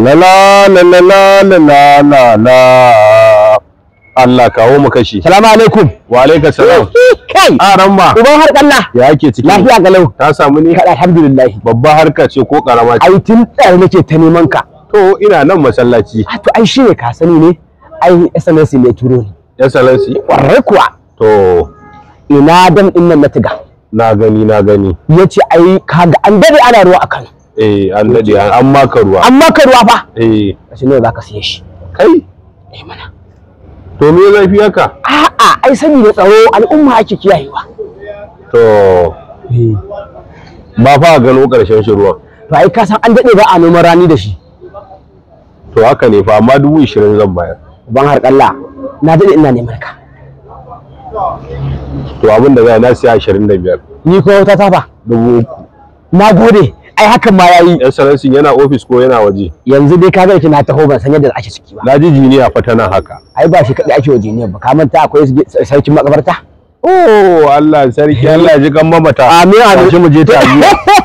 la la la la la la la la Allah kawo mu kashi salamu alaikum wa alaikum salam kai a ah, ramma uban har kalla ya ake ciki lafiya galau ta samu ni alhamdulillah babba harka ce ko karama ce ai tun tsare nake ta neman ka to ina nan masallaci a ah, to ai shine ka sani ne ai SMS ne turo ni SMS. kwarai kuwa to ina dan din nan na tiga na gani na gani yace ai kaga an dare ana ruwa akan eh an dade an maka ruwa an maka ruwa fa eh kashi ne ka siye shi kai eh mana to me zafi haka a'a ai sani da tsaro al'umma ake kiyayewa to eh. ba fa gano karshen shi ruwan to ai ka san an daɗe ba a noman rani da shi to haka ne fa amma dubu ishirin zan bayar ban har kalla na daɗe ina neman ka to abin da za na siya ashirin da biyar ni ko wata tafa dubu uku na gode ai hakan ma yayi excellency yana office ko yana waje yanzu dai ka ga na taho ban san yadda ake ciki ba naji jiniya fa tana haka ai ba shi kadai ake wa jiniya ba ka manta akwai sarkin makabarta oh Allah sarki Allah ji kan mamata amin amin mu je ta